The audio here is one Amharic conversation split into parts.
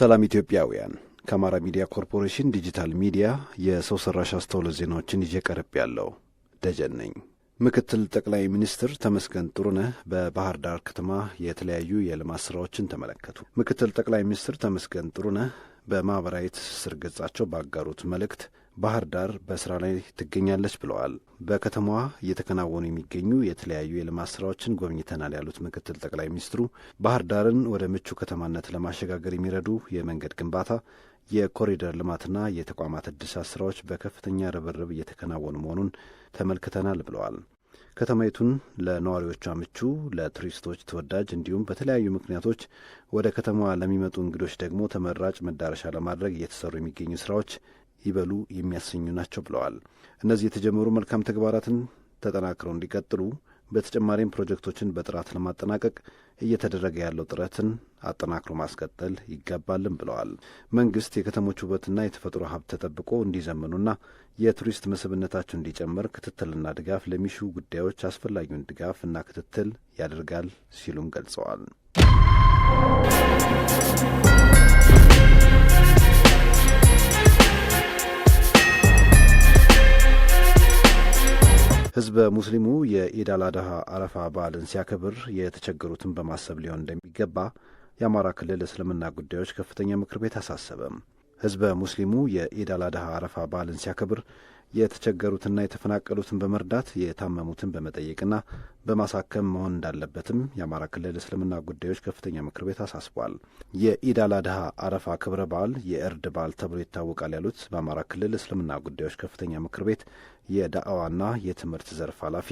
ሰላም ኢትዮጵያውያን ከአማራ ሚዲያ ኮርፖሬሽን ዲጂታል ሚዲያ የሰው ሰራሽ አስተውሎት ዜናዎችን ይዤ ቀርብ ያለው ደጀን ነኝ። ምክትል ጠቅላይ ሚኒስትር ተመስገን ጥሩነህ በባህር ዳር ከተማ የተለያዩ የልማት ስራዎችን ተመለከቱ። ምክትል ጠቅላይ ሚኒስትር ተመስገን ጥሩነህ በማኅበራዊ ትስስር ገጻቸው ባጋሩት መልእክት ባህር ዳር በስራ ላይ ትገኛለች ብለዋል። በከተማዋ እየተከናወኑ የሚገኙ የተለያዩ የልማት ስራዎችን ጎብኝተናል ያሉት ምክትል ጠቅላይ ሚኒስትሩ ባህር ዳርን ወደ ምቹ ከተማነት ለማሸጋገር የሚረዱ የመንገድ ግንባታ፣ የኮሪደር ልማትና የተቋማት እድሳት ስራዎች በከፍተኛ ርብርብ እየተከናወኑ መሆኑን ተመልክተናል ብለዋል። ከተማይቱን ለነዋሪዎቿ ምቹ፣ ለቱሪስቶች ተወዳጅ እንዲሁም በተለያዩ ምክንያቶች ወደ ከተማዋ ለሚመጡ እንግዶች ደግሞ ተመራጭ መዳረሻ ለማድረግ እየተሰሩ የሚገኙ ስራዎች ይበሉ የሚያሰኙ ናቸው ብለዋል። እነዚህ የተጀመሩ መልካም ተግባራትን ተጠናክረው እንዲቀጥሉ በተጨማሪም ፕሮጀክቶችን በጥራት ለማጠናቀቅ እየተደረገ ያለው ጥረትን አጠናክሮ ማስቀጠል ይገባልም ብለዋል። መንግስት የከተሞች ውበትና የተፈጥሮ ሀብት ተጠብቆ እንዲዘምኑና የቱሪስት መስህብነታቸው እንዲጨምር ክትትልና ድጋፍ ለሚሹ ጉዳዮች አስፈላጊውን ድጋፍ እና ክትትል ያደርጋል ሲሉም ገልጸዋል። ህዝበ ሙስሊሙ የኢድ አል አድሃ አረፋ በዓልን ሲያከብር የተቸገሩትን በማሰብ ሊሆን እንደሚገባ የአማራ ክልል እስልምና ጉዳዮች ከፍተኛ ምክር ቤት አሳሰበም። ህዝበ ሙስሊሙ የኢድ አል አረፋ በዓልን ሲያከብር የተቸገሩትና የተፈናቀሉትን በመርዳት የታመሙትን በመጠየቅና በማሳከም መሆን እንዳለበትም የአማራ ክልል እስልምና ጉዳዮች ከፍተኛ ምክር ቤት አሳስቧል። የኢድ አል አረፋ ክብረ በዓል የእርድ በዓል ተብሎ ይታወቃል ያሉት በአማራ ክልል እስልምና ጉዳዮች ከፍተኛ ምክር ቤት የዳዕዋና የትምህርት ዘርፍ ኃላፊ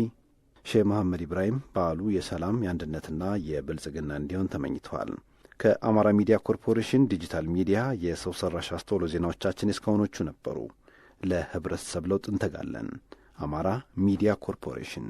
ሼህ መሐመድ ኢብራሂም በዓሉ የሰላም የአንድነትና የብልጽግና እንዲሆን ተመኝተዋል። ከአማራ ሚዲያ ኮርፖሬሽን ዲጂታል ሚዲያ የሰው ሰራሽ አስተውሎ ዜናዎቻችን እስካሁኖቹ ነበሩ። ለህብረተሰብ ለውጥ እንተጋለን። አማራ ሚዲያ ኮርፖሬሽን